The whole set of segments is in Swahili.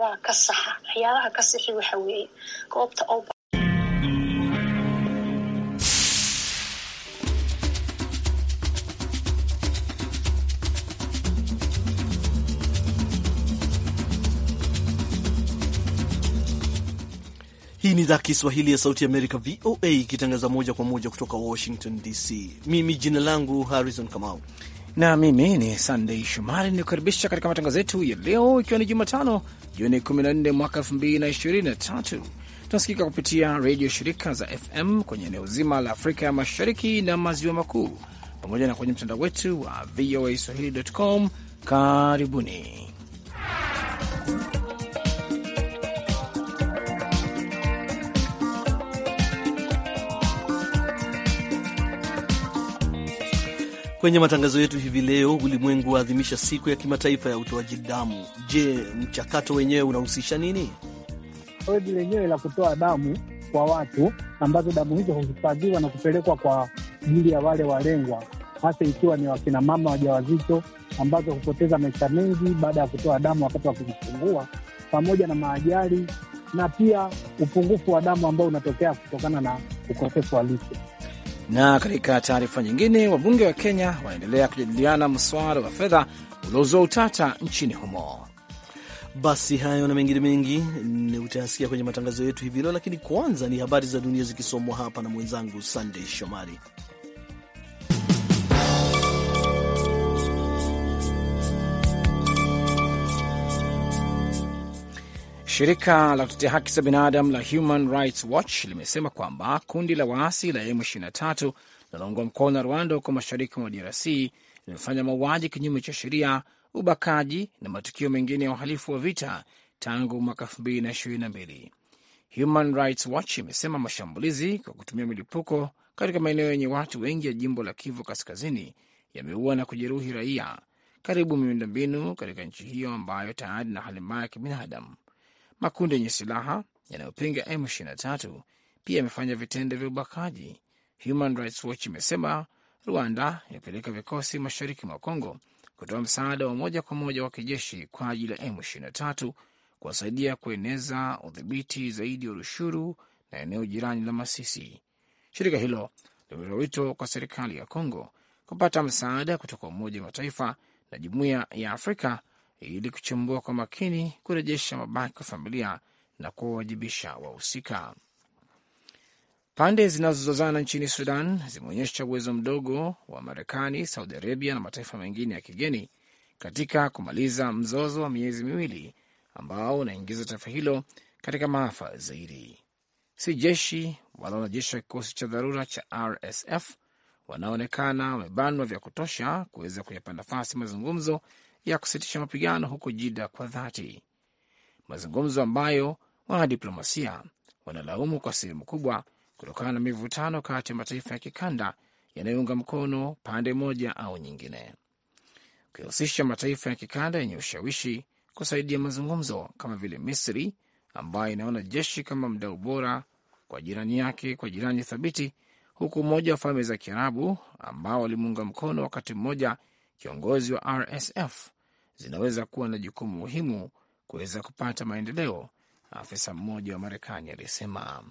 waa ka saxa waxyaabaha ka sixi waxa weeye goobta Hii ni idhaa Kiswahili ya Sauti Amerika, VOA, ikitangaza moja kwa moja kutoka Washington DC. Mimi jina langu Harrison Kamau na mimi ni Sandei Shomari, nikukaribisha katika matangazo yetu ya leo, ikiwa ni Jumatano Juni 14 mwaka 2023. Tunasikika kupitia redio shirika za FM kwenye eneo zima la Afrika ya Mashariki na Maziwa Makuu, pamoja na kwenye mtandao wetu wa VOA Swahili.com. Karibuni. Kwenye matangazo yetu hivi leo, ulimwengu waadhimisha siku ya kimataifa ya utoaji damu. Je, mchakato wenyewe unahusisha nini? Zoezi lenyewe la kutoa damu kwa watu ambazo damu hizo huhifadhiwa na kupelekwa kwa ajili ya wale walengwa, hasa ikiwa ni wakinamama wajawazito ambazo hupoteza maisha mengi baada ya kutoa damu wakati wa kujifungua, pamoja na maajali na pia upungufu wa damu ambao unatokea kutokana na ukosefu wa lishe. Na katika taarifa nyingine, wabunge wa Kenya wanaendelea kujadiliana mswada wa fedha uliozua utata nchini humo. Basi hayo na mengine mengi utayasikia kwenye matangazo yetu hivi leo, lakini kwanza ni habari za dunia zikisomwa hapa na mwenzangu Sandey Shomari. Shirika la kutetea haki za binadamu la Human Rights Watch limesema kwamba kundi la waasi la M23 linaloungwa mkono na Rwanda huko mashariki mwa DRC limefanya mauaji kinyume cha sheria, ubakaji na matukio mengine ya uhalifu wa vita tangu mwaka 2022. Human Rights Watch imesema mashambulizi kwa kutumia milipuko katika maeneo yenye watu wengi ya jimbo la Kivu Kaskazini yameua na kujeruhi raia karibu miundombinu katika nchi hiyo ambayo tayari na hali mbaya ya kibinadamu. Makundi yenye silaha yanayopinga M23 pia yamefanya vitendo vya ubakaji. Human Rights Watch imesema Rwanda imepeleka vikosi mashariki mwa Kongo kutoa msaada wa moja kwa moja wa kijeshi kwa ajili ya M23 kuwasaidia kueneza udhibiti zaidi wa Rushuru na eneo jirani la Masisi. Shirika hilo limetoa wito kwa serikali ya Kongo kupata msaada kutoka Umoja wa Mataifa na Jumuiya ya Afrika ili kuchambua kwa makini, kurejesha mabaki kwa familia na kuwawajibisha wahusika. Pande zinazozozana nchini Sudan zimeonyesha uwezo mdogo wa Marekani, Saudi Arabia na mataifa mengine ya kigeni katika kumaliza mzozo wa miezi miwili ambao unaingiza taifa hilo katika maafa zaidi. Si jeshi wala wanajeshi wa kikosi cha dharura cha RSF wanaonekana wamebanwa vya kutosha kuweza kuyapa nafasi mazungumzo ya kusitisha mapigano huko Jida kwa dhati, mazungumzo ambayo wanadiplomasia wanalaumu kwa sehemu kubwa kutokana na mivutano kati ya mataifa ya kikanda yanayounga mkono pande moja au nyingine, ukihusisha mataifa ya kikanda yenye ushawishi kusaidia mazungumzo kama vile Misri ambayo inaona jeshi kama mdau bora kwa jirani yake kwa jirani thabiti, huku Umoja wa Falme za Kiarabu ambao walimuunga mkono wakati mmoja kiongozi wa RSF zinaweza kuwa na jukumu muhimu kuweza kupata maendeleo, afisa mmoja wa Marekani alisema.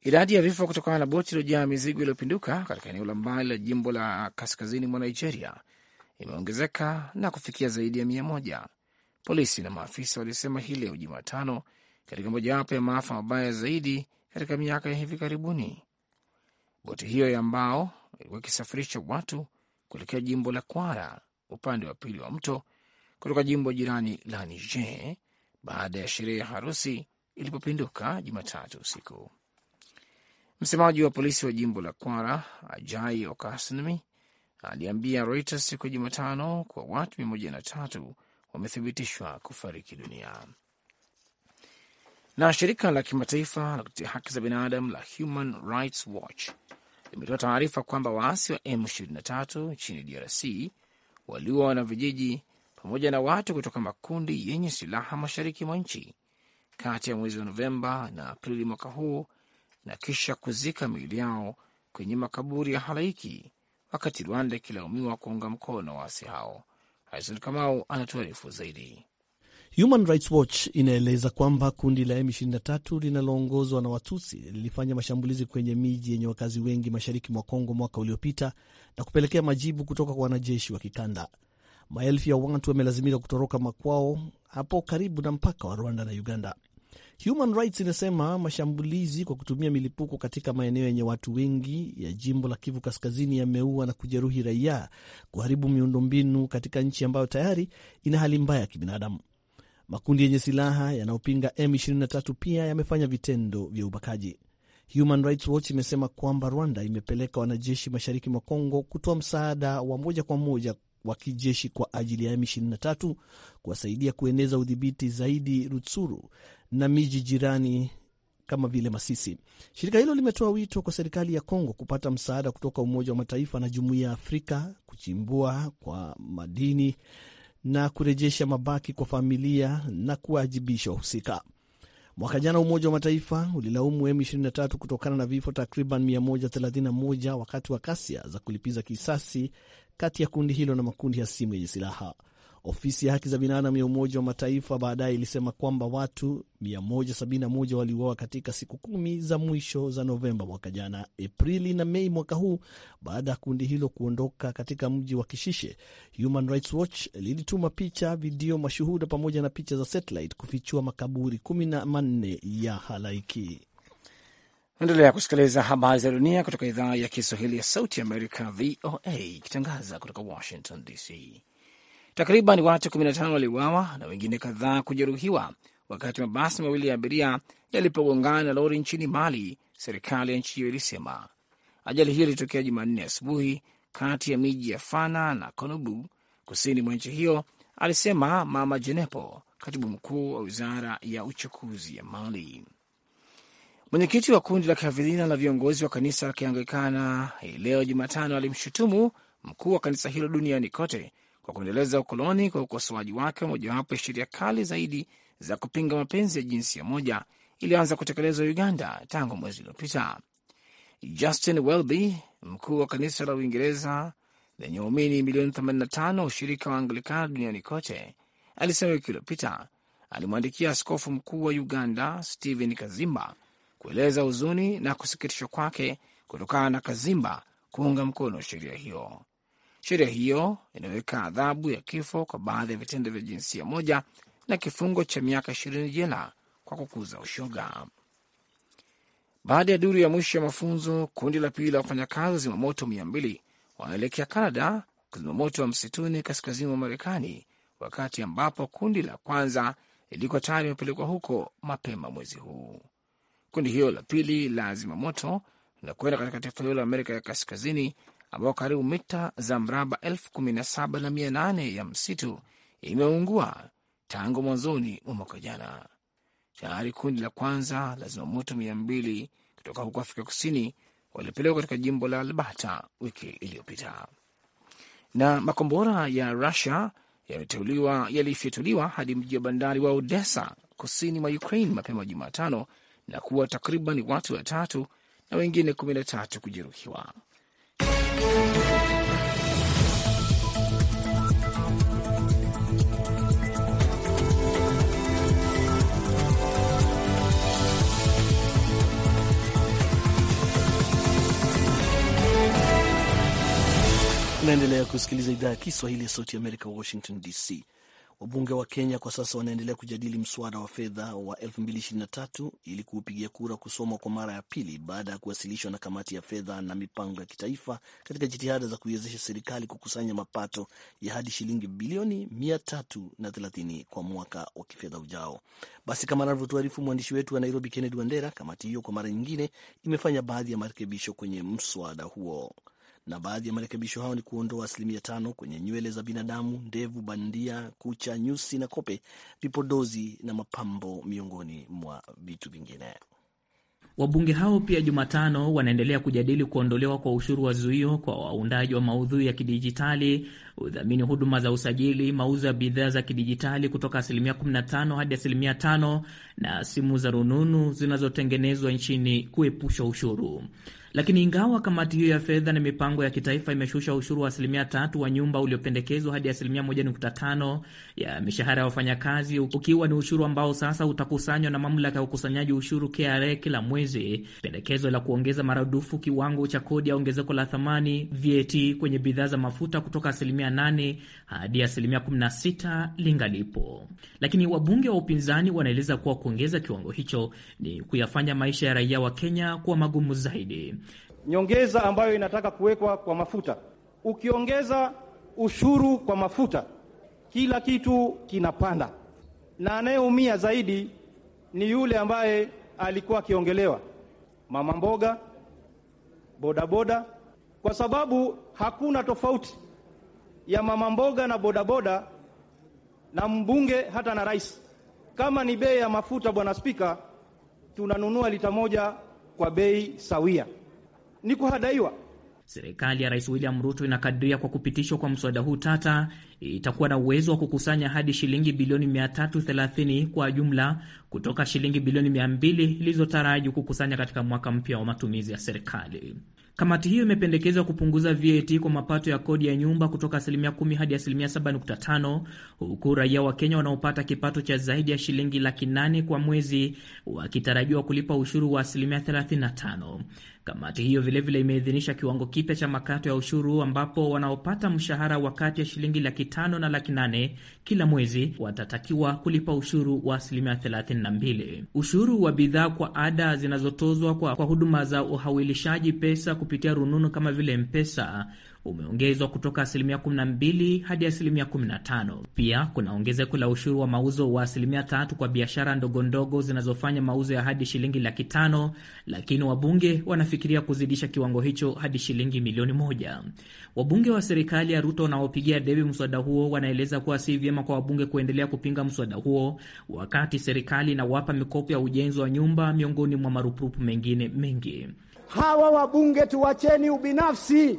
Idadi ya vifo kutokana na boti iliyojaa mizigo iliyopinduka katika eneo la mbali la jimbo la kaskazini mwa Nigeria imeongezeka na kufikia zaidi ya mia moja, polisi na maafisa walisema hii leo Jumatano, katika mojawapo ya maafa mabaya zaidi katika miaka ya hivi karibuni. Boti hiyo ya mbao ilikuwa ikisafirisha watu kuelekea jimbo la Kwara upande wa pili wa mto kutoka jimbo jirani la Niger baada ya sherehe ya harusi ilipopinduka Jumatatu usiku. Msemaji wa polisi wa jimbo la Kwara Ajai okasnmi aliambia Reuters siku ya Jumatano kwa watu mia moja na tatu wamethibitishwa kufariki dunia. Na shirika la kimataifa la kutetea haki za binadamu la Human Rights Watch limetoa taarifa kwamba waasi wa M23 nchini DRC waliwa wanavijiji pamoja na watu kutoka makundi yenye silaha mashariki mwa nchi kati ya mwezi wa Novemba na Aprili mwaka huu na kisha kuzika miili yao kwenye makaburi ya halaiki, wakati Rwanda ikilaumiwa kuunga mkono waasi hao. Harison Kamau anatuarifu zaidi. Human Rights Watch inaeleza kwamba kundi la M23 linaloongozwa na watusi lilifanya mashambulizi kwenye miji yenye wakazi wengi mashariki mwa Kongo mwaka uliopita na kupelekea majibu kutoka kwa wanajeshi wa kikanda. Maelfu ya watu wamelazimika kutoroka makwao hapo karibu na mpaka wa Rwanda na Uganda. Human Rights inasema mashambulizi kwa kutumia milipuko katika maeneo yenye watu wengi ya jimbo la Kivu Kaskazini yameua na kujeruhi raia, kuharibu miundombinu katika nchi ambayo tayari ina hali mbaya ya kibinadamu. Makundi yenye silaha yanayopinga M23 pia yamefanya vitendo vya ubakaji. Human Rights Watch imesema kwamba Rwanda imepeleka wanajeshi mashariki mwa Kongo kutoa msaada wa moja kwa moja wa kijeshi kwa ajili ya M23 kuwasaidia kueneza udhibiti zaidi Rutsuru na miji jirani kama vile Masisi. Shirika hilo limetoa wito kwa serikali ya Kongo kupata msaada kutoka Umoja wa Mataifa na Jumuiya ya Afrika kuchimbua kwa madini na kurejesha mabaki kwa familia na kuwajibisha wahusika. Mwaka jana Umoja wa Mataifa ulilaumu M23 kutokana na vifo takriban 131 wakati wa kasia za kulipiza kisasi kati ya kundi hilo na makundi ya simu yenye silaha. Ofisi ya haki za binadamu ya Umoja wa Mataifa baadaye ilisema kwamba watu 171 waliuawa katika siku kumi za mwisho za Novemba mwaka jana, Aprili na Mei mwaka huu baada ya kundi hilo kuondoka katika mji wa Kishishe. Human Rights Watch lilituma picha, video, mashuhuda pamoja na picha za satellite kufichua makaburi 14 ya halaiki. Endelea kusikiliza habari za dunia kutoka idhaa ya Kiswahili ya Sauti Amerika, VOA, ikitangaza kutoka Washington DC. Takriban watu 15 waliuawa na wengine kadhaa kujeruhiwa wakati mabasi mawili ya abiria yalipogongana na lori nchini Mali, serikali ya nchi hiyo ilisema. Ajali hiyo ilitokea Jumanne asubuhi kati ya miji ya Fana na Konubu, kusini mwa nchi hiyo, alisema Mama Jenepo, katibu mkuu wa wizara ya uchukuzi ya Mali. Mwenyekiti wa kundi la kihafidhina la viongozi wa kanisa la Kianglikana hii leo Jumatano alimshutumu mkuu wa kanisa hilo duniani kote kwa kuendeleza ukoloni kwa ukosoaji wake wa mojawapo ya sheria kali zaidi za kupinga mapenzi ya jinsia moja iliyoanza kutekelezwa Uganda tangu mwezi uliopita. Justin Welby, mkuu wa kanisa la Uingereza lenye waumini milioni 85 wa ushirika wa Anglikana duniani kote, alisema wiki iliyopita alimwandikia askofu mkuu wa Uganda Stephen Kazimba kueleza huzuni na kusikitishwa kwake kutokana na Kazimba kuunga mkono sheria hiyo. Sheria hiyo inaweka adhabu ya kifo kwa baadhi ya vitendo vya jinsia moja na kifungo cha miaka ishirini jela kwa kukuza ushoga. Baada ya duru ya mwisho ya mafunzo, kundi la pili la wafanyakazi wa zimamoto mia mbili wanaelekea Canada kwa zimamoto wa msituni kaskazini mwa Marekani, wakati ambapo kundi la kwanza lilikuwa tayari limepelekwa huko mapema mwezi huu. Kundi hilo la pili la zimamoto linakwenda katika taifa hilo la Amerika ya Kaskazini ambao karibu mita za mraba elfu kumi na saba na mia nane ya msitu imeungua tangu mwanzoni mwa mwaka jana. Tayari kundi la kwanza la zimamoto mia mbili kutoka huko Afrika Kusini walipelekwa katika jimbo la Albata wiki iliyopita. Na makombora ya Rusia yalifyatuliwa hadi mji wa bandari wa Odessa kusini mwa Ukraine mapema Jumatano na kuwa takriban watu watatu na wengine kumi na tatu kujeruhiwa. Unaendelea kusikiliza idhaa ya Kiswahili ya Sauti ya Amerika, Washington DC. Wabunge wa Kenya kwa sasa wanaendelea kujadili mswada wa fedha wa 2023 ili kuupigia kura kusomwa kwa mara ya pili baada ya kuwasilishwa na kamati ya fedha na mipango ya kitaifa katika jitihada za kuiwezesha serikali kukusanya mapato ya hadi shilingi bilioni 330 kwa mwaka wa kifedha ujao. Basi kama anavyotuarifu mwandishi wetu wa Nairobi, Kennedy Wandera, kamati hiyo kwa mara nyingine imefanya baadhi ya marekebisho kwenye mswada huo na baadhi ya marekebisho hayo ni kuondoa asilimia tano kwenye nywele za binadamu, ndevu bandia, kucha, nyusi na kope, vipodozi na mapambo, miongoni mwa vitu vingine. Wabunge hao pia Jumatano wanaendelea kujadili kuondolewa kwa ushuru wa zuio kwa waundaji wa maudhui ya kidijitali, udhamini huduma za usajili, mauzo ya bidhaa za kidijitali kutoka asilimia 15 hadi asilimia 5 na simu za rununu zinazotengenezwa nchini kuepusha ushuru. Lakini ingawa kamati hiyo ya fedha na mipango ya kitaifa imeshusha ushuru wa asilimia tatu wa nyumba uliopendekezwa hadi asilimia 1.5 ya mishahara ya wafanyakazi, ukiwa ni ushuru ambao sasa utakusanywa na mamlaka ya ukusanyaji ushuru KRA kila mwezi, pendekezo la kuongeza maradufu kiwango cha kodi ya ongezeko la thamani VAT kwenye bidhaa za mafuta kutoka asilimia 8 hadi asilimia 16 lingalipo, lakini wabunge wa upinzani wanaeleza kuwa kuongeza kiwango hicho ni kuyafanya maisha ya raia wa Kenya kuwa magumu zaidi nyongeza ambayo inataka kuwekwa kwa mafuta. Ukiongeza ushuru kwa mafuta, kila kitu kinapanda, na anayeumia zaidi ni yule ambaye alikuwa akiongelewa, mama mboga, bodaboda, kwa sababu hakuna tofauti ya mama mboga na bodaboda na mbunge hata na rais. Kama ni bei ya mafuta, Bwana Spika, tunanunua lita moja kwa bei sawia ni kuhadaiwa. Serikali ya Rais William Ruto inakadiria kwa kupitishwa kwa mswada huu tata itakuwa na uwezo wa kukusanya hadi shilingi bilioni 330 kwa jumla kutoka shilingi bilioni 200 ilizotaraji kukusanya katika mwaka mpya wa matumizi ya serikali. Kamati hiyo imependekeza kupunguza VAT kwa mapato ya kodi ya nyumba kutoka asilimia 10 hadi asilimia 7.5, huku raia wa Kenya wanaopata kipato cha zaidi ya shilingi laki nane kwa mwezi wakitarajiwa kulipa ushuru wa asilimia 35. Kamati hiyo vilevile imeidhinisha kiwango kipya cha makato ya ushuru ambapo wanaopata mshahara wa kati ya shilingi laki tano na laki nane kila mwezi watatakiwa kulipa ushuru wa asilimia 32. Ushuru wa bidhaa kwa ada zinazotozwa kwa, kwa huduma za uhawilishaji pesa kupitia rununu kama vile Mpesa umeongezwa kutoka asilimia 12 hadi asilimia 15. Pia kuna ongezeko la ushuru wa mauzo wa asilimia tatu kwa biashara ndogondogo zinazofanya mauzo ya hadi shilingi laki tano, lakini wabunge wanafikiria kuzidisha kiwango hicho hadi shilingi milioni moja. Wabunge wa serikali ya Ruto wanaopigia debe mswada huo wanaeleza kuwa si vyema kwa wabunge kuendelea kupinga mswada huo wakati serikali inawapa mikopo ya ujenzi wa nyumba, miongoni mwa marupurupu mengine mengi. Hawa wabunge tuwacheni ubinafsi.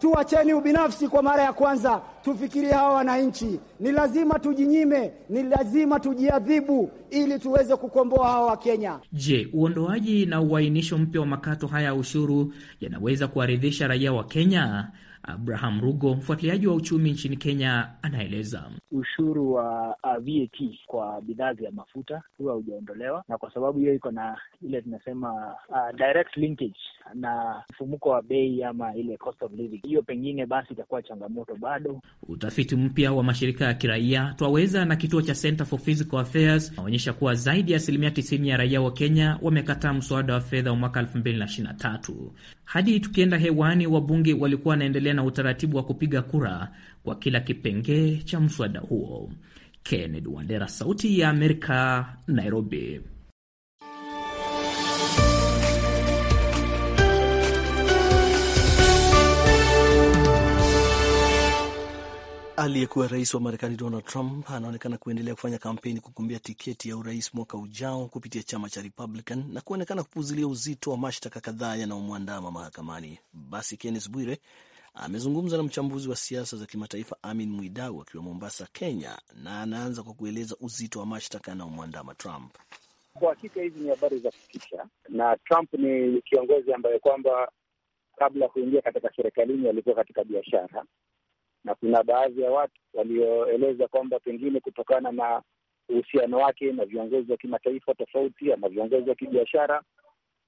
Tuacheni ubinafsi kwa mara ya kwanza, tufikirie hawa wananchi. Ni lazima tujinyime, ni lazima tujiadhibu ili tuweze kukomboa hawa Wakenya. Je, uondoaji na uainisho mpya wa makato haya ya ushuru yanaweza kuwaridhisha raia wa Kenya? Abraham Rugo, mfuatiliaji wa uchumi nchini Kenya, anaeleza. Ushuru wa uh, VAT kwa bidhaa vya mafuta huwa haujaondolewa, na kwa sababu hiyo iko na ile tunasema uh, direct linkage na mfumuko wa bei ama ile cost of living. Hiyo pengine basi itakuwa changamoto bado. Utafiti mpya wa mashirika ya kiraia Twaweza na kituo cha Center for Physical Affairs naonyesha kuwa zaidi ya asilimia 90 ya raia wa Kenya wamekataa mswada wa fedha wa mwaka 2023. Hadi tukienda hewani, wabunge walikuwa wanaendelea na utaratibu wa kupiga kura kwa kila kipengee cha mswada huo. Kennedy Wandera, Sauti ya Amerika, Nairobi. Aliyekuwa rais wa Marekani Donald Trump anaonekana kuendelea kufanya kampeni kugombea tiketi ya urais mwaka ujao kupitia chama cha Republican na kuonekana kupuzilia uzito wa mashtaka kadhaa yanayomwandama mahakamani. Basi Kennes Bwire amezungumza na mchambuzi wa siasa za kimataifa Amin Mwidau akiwa Mombasa, Kenya, na anaanza kwa kueleza uzito wa mashtaka yanayomwandama Trump. Kwa hakika hizi ni habari za kutisha, na Trump ni kiongozi ambaye kwamba kabla ya kuingia katika serikalini alikuwa katika biashara na kuna baadhi ya watu walioeleza kwamba pengine kutokana na uhusiano wake na viongozi wa kimataifa tofauti ama viongozi wa kibiashara,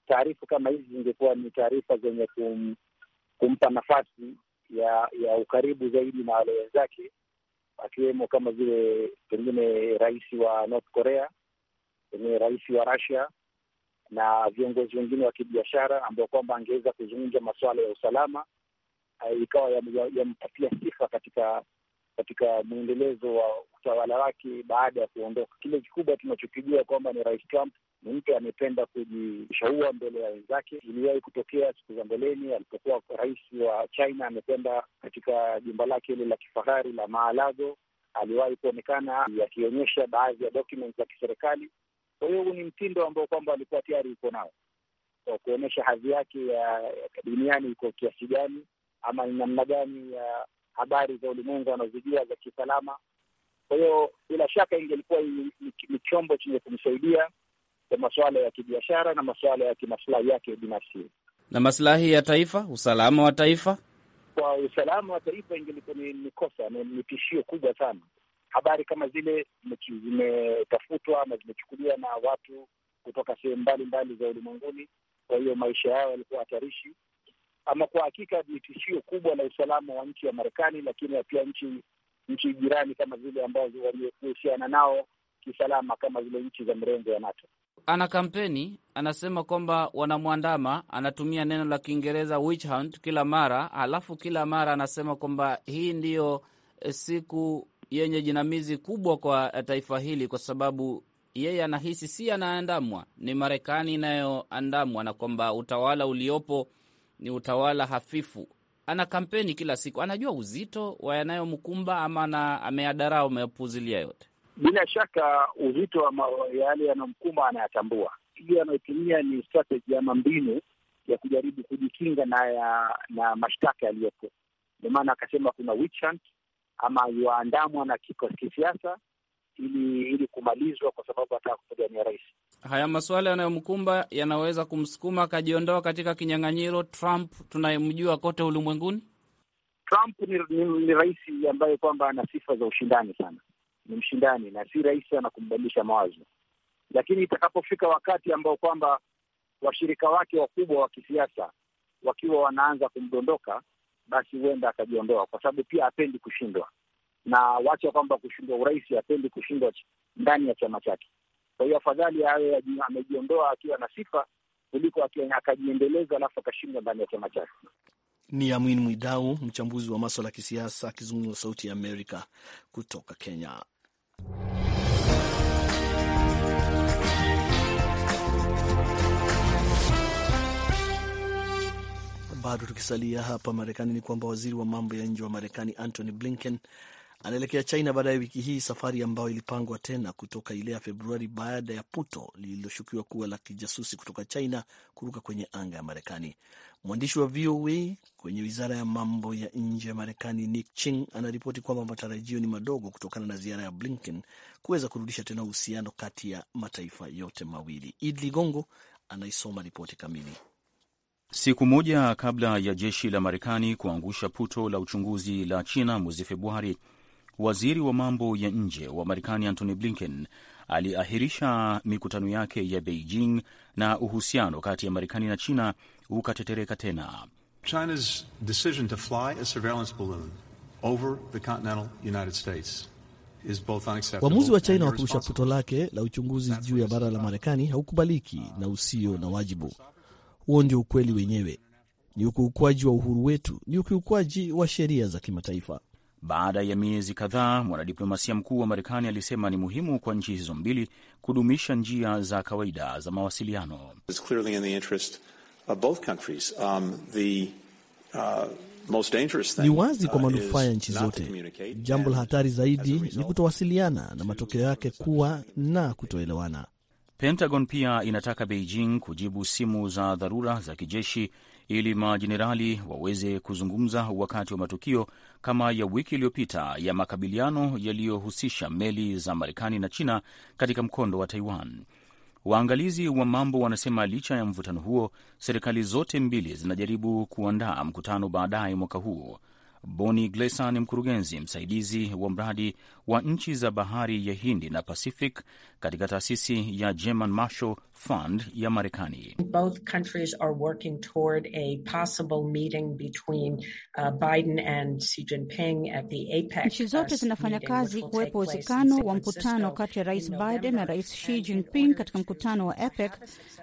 taarifa kama hizi zingekuwa ni taarifa zenye kum, kumpa nafasi ya ya ukaribu zaidi na wale wenzake, akiwemo kama vile pengine rais wa North Korea, pengine rais wa Russia na viongozi wengine wa kibiashara ambao kwamba angeweza kuzungumza masuala ya usalama Eh, ikawa yampatia ya, ya sifa katika katika mwendelezo wa utawala wake baada ya kuondoka. Kile kikubwa tunachokijua kwamba ni Rais Trump ni mtu amependa kujishaua mbele ya wenzake. Iliwahi kutokea siku za mbeleni alipokuwa rais wa China, amependa katika jumba lake ile la kifahari la Maalago, aliwahi kuonekana yakionyesha baadhi ya documents za kiserikali. Kwa hiyo huu ni mtindo ambao kwamba alikuwa tayari uko nao kwa kuonyesha hadhi yake ya duniani iko kiasi gani ama ni namna gani ya habari za ulimwengu wanazijua za kiusalama. Kwa hiyo bila shaka ingelikuwa ni chombo chenye kumsaidia kwa masuala ya kibiashara na masuala ya kimaslahi yake binafsi na maslahi ya taifa, usalama wa taifa. Kwa usalama wa taifa ingelikuwa ni kosa, ni tishio kubwa sana. Habari kama zile zimetafutwa ama zimechukuliwa na watu kutoka sehemu mbalimbali za ulimwenguni, kwa hiyo maisha yao yalikuwa hatarishi ama kwa hakika ni tishio kubwa la usalama wa nchi ya Marekani, lakini pia nchi nchi jirani kama zile ambazo wamehusiana nao kisalama kama zile nchi za mrengo ya NATO. Ana kampeni anasema kwamba wanamwandama, anatumia neno la Kiingereza witch hunt kila mara, alafu kila mara anasema kwamba hii ndiyo eh, siku yenye jinamizi kubwa kwa eh, taifa hili, kwa sababu yeye anahisi si anaandamwa, ni Marekani inayoandamwa na kwamba utawala uliopo ni utawala hafifu. Ana kampeni kila siku, anajua uzito wa yanayomkumba ama na ameadarau, amepuzilia yote. Bila shaka uzito wa yale yanayomkumba anayatambua. Hiyo anayotumia ni strategy ama mbinu ya kujaribu kujikinga na ya, na mashtaka yaliyopo. Ndio maana akasema kuna witch hunt ama yuandamwa na kikosi kisiasa ili ili kumalizwa, kwa sababu anataka kupigania rais haya masuala yanayomkumba yanaweza kumsukuma akajiondoa katika kinyang'anyiro Trump tunayemjua kote ulimwenguni? Trump ni, ni, ni rais ambaye kwamba ana sifa za ushindani sana, ni mshindani na si rahisi sana kumbadilisha mawazo, lakini itakapofika wakati ambao kwamba washirika wake wakubwa wa kisiasa wakiwa wanaanza kumdondoka, basi huenda akajiondoa, kwa sababu pia hapendi kushindwa, na wacha kwamba kushindwa urais, hapendi kushindwa ndani ya chama chake. Kwa hiyo afadhali awe amejiondoa akiwa na sifa kuliko akajiendeleza alafu akashindwa ndani ya chama chake. Ni Amin Mwidau, mchambuzi wa maswala ya kisiasa, akizungumza Sauti ya Amerika kutoka Kenya. Bado tukisalia hapa Marekani, ni kwamba waziri wa mambo ya nje wa Marekani Antony Blinken Anaelekea China baadaye wiki hii, safari ambayo ilipangwa tena kutoka ile ya Februari baada ya puto lililoshukiwa kuwa la kijasusi kutoka China kuruka kwenye anga ya Marekani. Mwandishi wa VOA kwenye wizara ya mambo ya nje ya Marekani, Nick Ching, anaripoti kwamba matarajio ni madogo kutokana na ziara ya Blinken kuweza kurudisha tena uhusiano kati ya mataifa yote mawili. Id Ligongo anaisoma ripoti kamili. Siku moja kabla ya jeshi la Marekani kuangusha puto la uchunguzi la China mwezi Februari, waziri wa mambo ya nje wa Marekani Antony Blinken aliahirisha mikutano yake ya Beijing na uhusiano kati ya Marekani na China ukatetereka tena. China's decision to fly a surveillance balloon over the continental United States is both unacceptable. Uamuzi wa China wa kurusha puto lake la uchunguzi juu ya bara la Marekani haukubaliki na usio na wajibu. Huo ndio ukweli wenyewe, ni ukiukwaji wa uhuru wetu, ni ukiukwaji wa sheria za kimataifa. Baada ya miezi kadhaa, mwanadiplomasia mkuu wa Marekani alisema ni muhimu kwa nchi hizo mbili kudumisha njia za kawaida za mawasiliano. Um, uh, ni wazi kwa uh, manufaa ya nchi zote. Jambo la hatari zaidi ni kutowasiliana na matokeo yake kuwa na kutoelewana. Pentagon pia inataka Beijing kujibu simu za dharura za kijeshi ili majenerali waweze kuzungumza wakati wa matukio kama ya wiki iliyopita ya makabiliano yaliyohusisha meli za Marekani na China katika mkondo wa Taiwan. Waangalizi wa mambo wanasema licha ya mvutano huo, serikali zote mbili zinajaribu kuandaa mkutano baadaye mwaka huu. Boni Glesa ni mkurugenzi msaidizi wa mradi wa nchi za bahari ya Hindi na Pacific katika taasisi ya German Marshall Fund ya Marekani. Both countries are working toward a possible meeting between uh, Biden and Xi Jinping at the APEC. Nchi zote uh, zinafanya kazi kuwepo uwezekano wa mkutano kati ya Rais Biden na Rais Xi Jinping katika mkutano wa APEC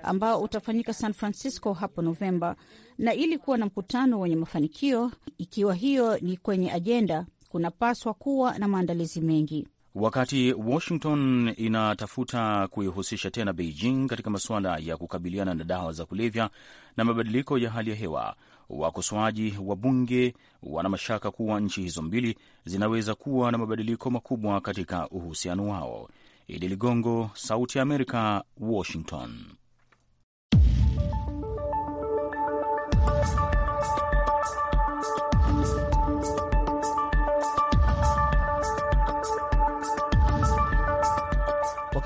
ambao utafanyika San Francisco hapo Novemba. Na ili kuwa na mkutano wenye mafanikio, ikiwa hiyo ni kwenye ajenda, kunapaswa kuwa na maandalizi mengi. Wakati Washington inatafuta kuihusisha tena Beijing katika masuala ya kukabiliana na dawa za kulevya na mabadiliko ya hali ya hewa, wakosoaji wa bunge wana mashaka kuwa nchi hizo mbili zinaweza kuwa na mabadiliko makubwa katika uhusiano wao. Idi Ligongo, Sauti ya Amerika, Washington.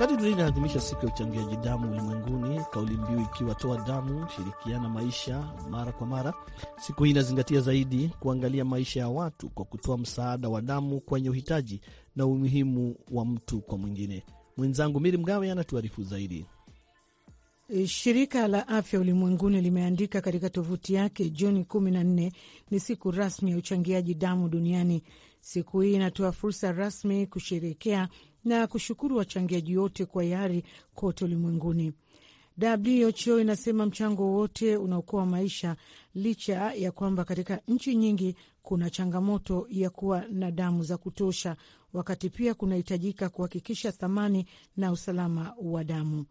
Wakati dunia inaadhimisha siku ya uchangiaji damu ulimwenguni, kauli mbiu ikiwa toa damu, shirikiana maisha mara kwa mara, siku hii inazingatia zaidi kuangalia maisha ya watu kwa kutoa msaada wa damu kwenye uhitaji na umuhimu wa mtu kwa mwingine. Mwenzangu Miri Mgawe anatuarifu zaidi. E, shirika la Afya Ulimwenguni limeandika katika tovuti yake Juni 14 ni siku rasmi ya uchangiaji damu duniani. Siku hii inatoa fursa rasmi kusherekea na kushukuru wachangiaji wote kwa yari kote ulimwenguni. WHO inasema mchango wote unaokoa maisha, licha ya kwamba katika nchi nyingi kuna changamoto ya kuwa na damu za kutosha, wakati pia kunahitajika kuhakikisha thamani na usalama wa damu.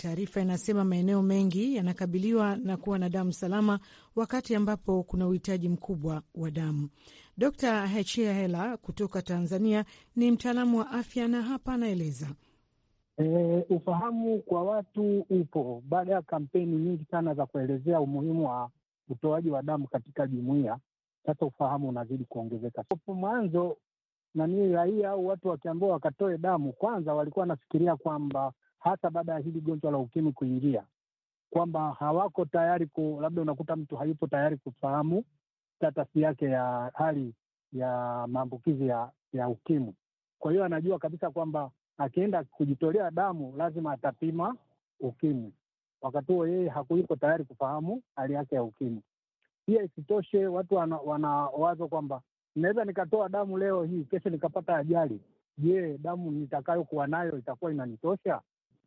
Taarifa inasema maeneo mengi yanakabiliwa na kuwa na damu salama, wakati ambapo kuna uhitaji mkubwa wa damu. Dr Hechia Hela kutoka Tanzania ni mtaalamu wa afya na hapa anaeleza. E, ufahamu kwa watu upo baada ya kampeni nyingi sana za kuelezea umuhimu wa utoaji wa damu katika jumuia Sasa ufahamu unazidi kuongezeka. Hapo mwanzo nani raia au watu wakiambiwa wakatoe damu, kwanza walikuwa wanafikiria kwamba hasa baada ya hili gonjwa la ukimwi kuingia, kwamba hawako tayari ku, labda unakuta mtu hayupo tayari kufahamu statasi yake ya hali ya maambukizi ya, ya ukimwi. Kwa hiyo anajua kabisa kwamba akienda kujitolea damu lazima atapima ukimwi. Wakati huo yeye hakuiko tayari kufahamu hali yake ya ukimwi. Pia isitoshe, watu wana, wana wazo kwamba naweza nikatoa damu leo hii, kesho nikapata ajali. Je, damu nitakayokuwa nayo itakuwa inanitosha?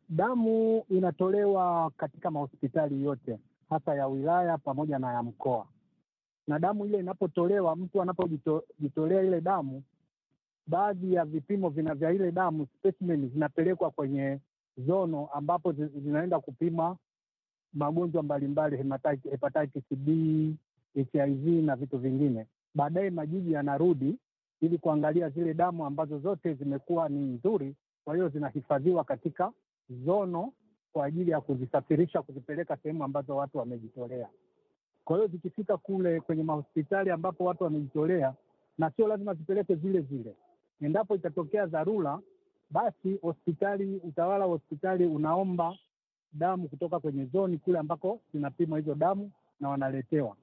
Damu inatolewa katika mahospitali yote hasa ya wilaya pamoja na ya mkoa, na damu ile inapotolewa, mtu anapojitolea ile damu, baadhi ya vipimo vinavya vya ile damu specimen zinapelekwa kwenye zono ambapo zinaenda kupima magonjwa mbalimbali, hepatitis B, HIV na vitu vingine. Baadaye majiji yanarudi ili kuangalia zile damu ambazo zote zimekuwa ni nzuri, kwa hiyo zinahifadhiwa katika zono kwa ajili ya kuzisafirisha kuzipeleka sehemu ambazo watu wamejitolea. Kwa hiyo zikifika kule kwenye mahospitali ambapo watu wamejitolea, na sio lazima zipeleke zile zile. Endapo itatokea dharura, basi hospitali, utawala wa hospitali unaomba damu kutoka kwenye zoni kule ambako zinapimwa hizo damu na wanaletewa.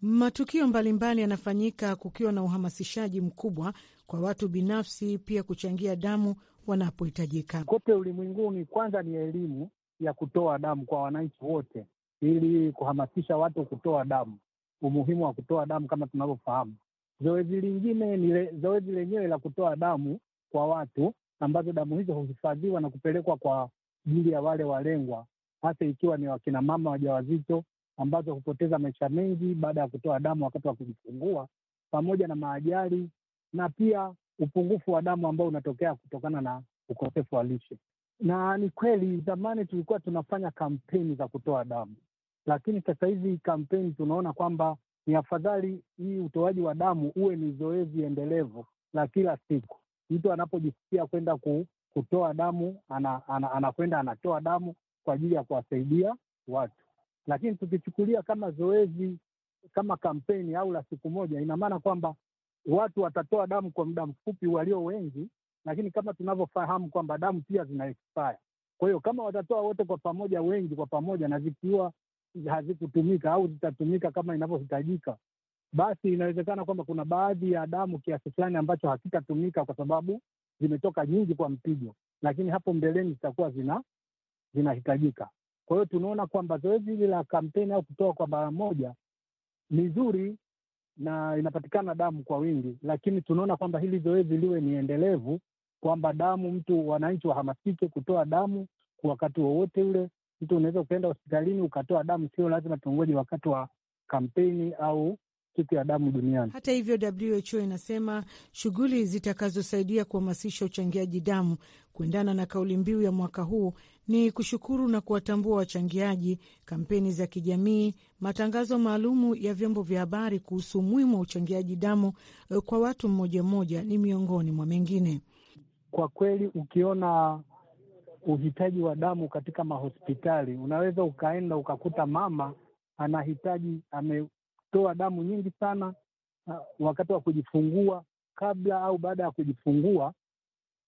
Matukio mbalimbali yanafanyika kukiwa na uhamasishaji mkubwa kwa watu binafsi pia kuchangia damu wanapohitajika. Kote ulimwenguni, kwanza ni elimu ya kutoa damu kwa wananchi wote, ili kuhamasisha watu kutoa damu, umuhimu wa kutoa damu kama tunavyofahamu. Zoezi lingine ni zoezi lenyewe la kutoa damu kwa watu, ambazo damu hizo huhifadhiwa na kupelekwa kwa ajili ya wale walengwa, hasa ikiwa ni wakinamama wajawazito ambazo hupoteza maisha mengi baada ya kutoa damu wakati wa kujifungua, pamoja na maajali na pia upungufu wa damu ambao unatokea kutokana na ukosefu wa lishe. Na ni kweli zamani tulikuwa tunafanya kampeni za kutoa damu, lakini sasa hizi kampeni tunaona kwamba ni afadhali hii utoaji wa damu uwe ni zoezi endelevu la kila siku. Mtu anapojisikia kwenda ku, kutoa damu anakwenda ana, ana, anatoa damu kwa ajili ya kuwasaidia watu, lakini tukichukulia kama zoezi kama kampeni au la siku moja, ina maana kwamba watu watatoa damu kwa muda mfupi walio wengi, lakini kama tunavyofahamu kwamba damu pia zina expire. Kwa hiyo kama watatoa wote kwa pamoja, wengi kwa pamoja, na zikiwa hazikutumika au zitatumika kama inavyohitajika, basi inawezekana kwamba kuna baadhi ya damu kiasi fulani ambacho hakitatumika kwa sababu zimetoka nyingi kwa mpigo, lakini hapo mbeleni zitakuwa zina zinahitajika. Kwa hiyo tunaona kwamba zoezi hili la kampeni au kutoa kwa mara moja ni zuri, na inapatikana damu kwa wingi, lakini tunaona kwamba hili zoezi liwe ni endelevu, kwamba damu mtu, wananchi wahamasike kutoa damu kwa wakati wowote ule. Mtu unaweza ukaenda hospitalini ukatoa damu, sio lazima tungoje wakati wa kampeni au siku ya damu duniani. Hata hivyo, WHO inasema shughuli zitakazosaidia kuhamasisha uchangiaji damu kuendana na kauli mbiu ya mwaka huu ni kushukuru na kuwatambua wachangiaji, kampeni za kijamii, matangazo maalumu ya vyombo vya habari kuhusu umuhimu wa uchangiaji damu eh, kwa watu mmoja mmoja, ni miongoni mwa mengine. Kwa kweli, ukiona uhitaji wa damu katika mahospitali, unaweza ukaenda ukakuta mama anahitaji, ametoa damu nyingi sana ah, wakati wa kujifungua, kabla au baada ya kujifungua,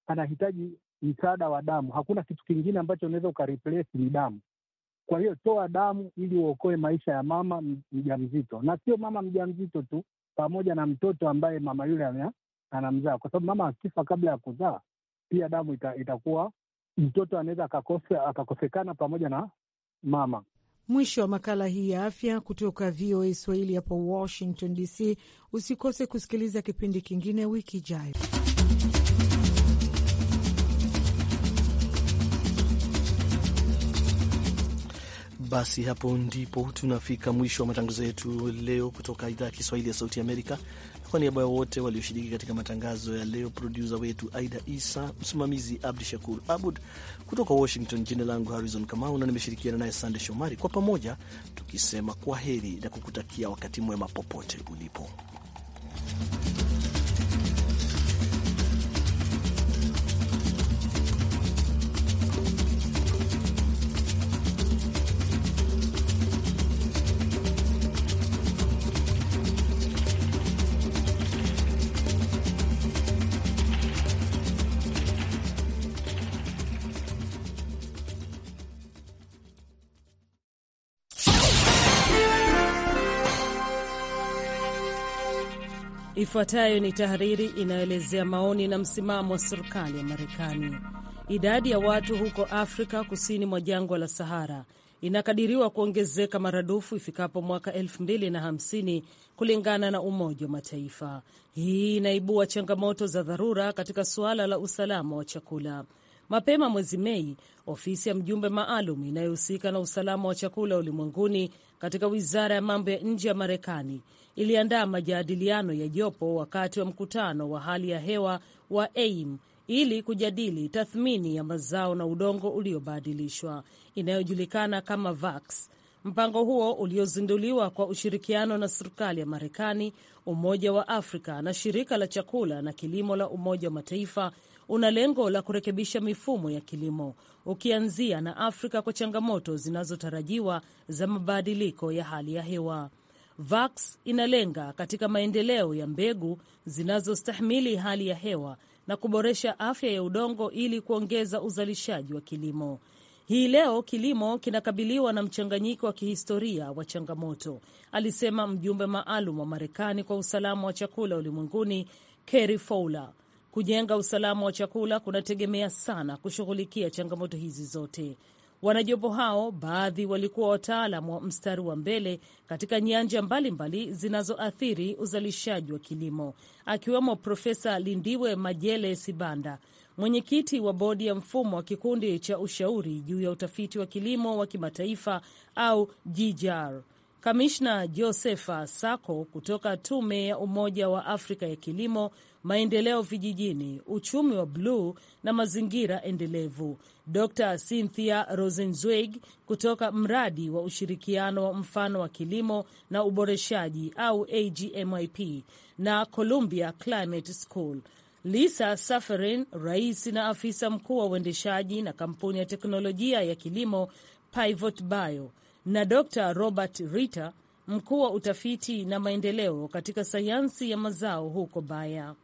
anahitaji msaada wa damu. Hakuna kitu kingine ambacho unaweza ukareplace ni damu. Kwa hiyo toa damu ili uokoe maisha ya mama mjamzito, na sio mama mjamzito tu, pamoja na mtoto ambaye mama yule anamzaa, kwa sababu mama akifa kabla ya kuzaa pia damu ita, itakuwa mtoto anaweza akakosekana pamoja na mama. Mwisho wa makala hii ya afya kutoka VOA Swahili hapa Washington DC. Usikose kusikiliza kipindi kingine wiki ijayo. Basi hapo ndipo tunafika mwisho wa matangazo yetu leo kutoka idhaa ya Kiswahili ya Sauti Amerika. Kwa niaba ya wote walioshiriki katika matangazo ya leo, produsa wetu Aida Isa, msimamizi Abdu Shakur Abud kutoka Washington. Jina langu Harrison Kamau na nimeshirikiana naye Sande Shomari, kwa pamoja tukisema kwa heri na kukutakia wakati mwema popote ulipo. Ifuatayo ni tahariri inayoelezea maoni na msimamo wa serikali ya Marekani. Idadi ya watu huko Afrika kusini mwa jangwa la Sahara inakadiriwa kuongezeka maradufu ifikapo mwaka 2050 kulingana na Umoja wa Mataifa. Hii inaibua changamoto za dharura katika suala la usalama wa chakula. Mapema mwezi Mei, ofisi ya mjumbe maalum inayohusika na usalama wa chakula ulimwenguni katika wizara ya mambo ya nje ya Marekani iliandaa majadiliano ya jopo wakati wa mkutano wa hali ya hewa wa AIM ili kujadili tathmini ya mazao na udongo uliobadilishwa inayojulikana kama VAX. Mpango huo uliozinduliwa kwa ushirikiano na serikali ya Marekani, Umoja wa Afrika na Shirika la Chakula na Kilimo la Umoja wa Mataifa una lengo la kurekebisha mifumo ya kilimo ukianzia na Afrika kwa changamoto zinazotarajiwa za mabadiliko ya hali ya hewa. VAX inalenga katika maendeleo ya mbegu zinazostahimili hali ya hewa na kuboresha afya ya udongo ili kuongeza uzalishaji wa kilimo. Hii leo kilimo kinakabiliwa na mchanganyiko wa kihistoria wa changamoto, alisema mjumbe maalum wa Marekani kwa usalama wa chakula ulimwenguni Kerry Fowler. Kujenga usalama wa chakula kunategemea sana kushughulikia changamoto hizi zote. Wanajopo hao baadhi walikuwa wataalam wa mstari wa mbele katika nyanja mbalimbali zinazoathiri uzalishaji wa kilimo, akiwemo Profesa Lindiwe Majele Sibanda, mwenyekiti wa bodi ya mfumo wa kikundi cha ushauri juu ya utafiti wa kilimo wa kimataifa au GJAR Kamishna josepha Sako kutoka Tume ya Umoja wa Afrika ya Kilimo, Maendeleo Vijijini, Uchumi wa Bluu na Mazingira Endelevu, Dr Cynthia Rosenzweig kutoka Mradi wa Ushirikiano wa Mfano wa Kilimo na Uboreshaji au AGMIP na Columbia Climate School, Lisa Safarin, rais na afisa mkuu wa uendeshaji na kampuni ya teknolojia ya kilimo Pivot Bio na Dr Robert Ritter, mkuu wa utafiti na maendeleo katika sayansi ya mazao huko baya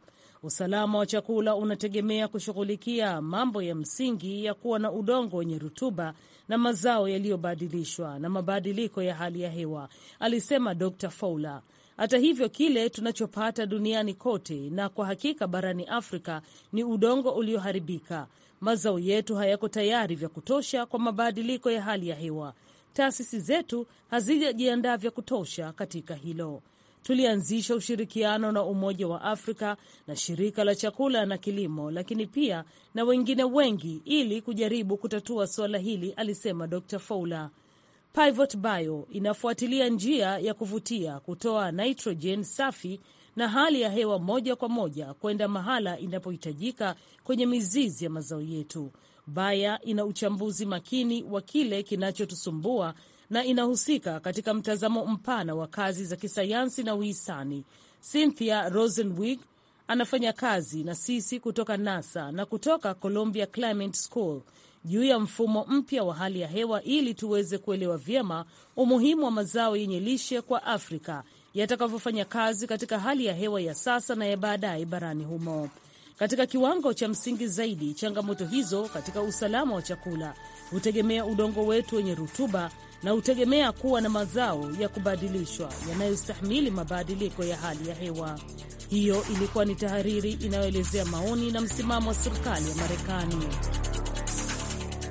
Usalama wa chakula unategemea kushughulikia mambo ya msingi ya kuwa na udongo wenye rutuba na mazao yaliyobadilishwa na mabadiliko ya hali ya hewa, alisema Dr Fowler. Hata hivyo, kile tunachopata duniani kote na kwa hakika barani Afrika ni udongo ulioharibika. Mazao yetu hayako tayari vya kutosha kwa mabadiliko ya hali ya hewa taasisi zetu hazijajiandaa vya kutosha katika hilo. Tulianzisha ushirikiano na Umoja wa Afrika na Shirika la Chakula na Kilimo, lakini pia na wengine wengi ili kujaribu kutatua suala hili, alisema Dr Fowler. Pivot Bio inafuatilia njia ya kuvutia kutoa nitrogen safi na hali ya hewa moja kwa moja kwenda mahala inapohitajika kwenye mizizi ya mazao yetu Baya ina uchambuzi makini wa kile kinachotusumbua na inahusika katika mtazamo mpana wa kazi za kisayansi na uhisani. Cynthia Rosenwig anafanya kazi na sisi kutoka NASA na kutoka Columbia Climate School juu ya mfumo mpya wa hali ya hewa ili tuweze kuelewa vyema umuhimu wa mazao yenye lishe kwa Afrika yatakavyofanya kazi katika hali ya hewa ya sasa na ya baadaye barani humo. Katika kiwango cha msingi zaidi, changamoto hizo katika usalama wa chakula hutegemea udongo wetu wenye rutuba na hutegemea kuwa na mazao ya kubadilishwa yanayostahimili mabadiliko ya hali ya hewa. Hiyo ilikuwa ni tahariri inayoelezea maoni na msimamo wa serikali ya Marekani.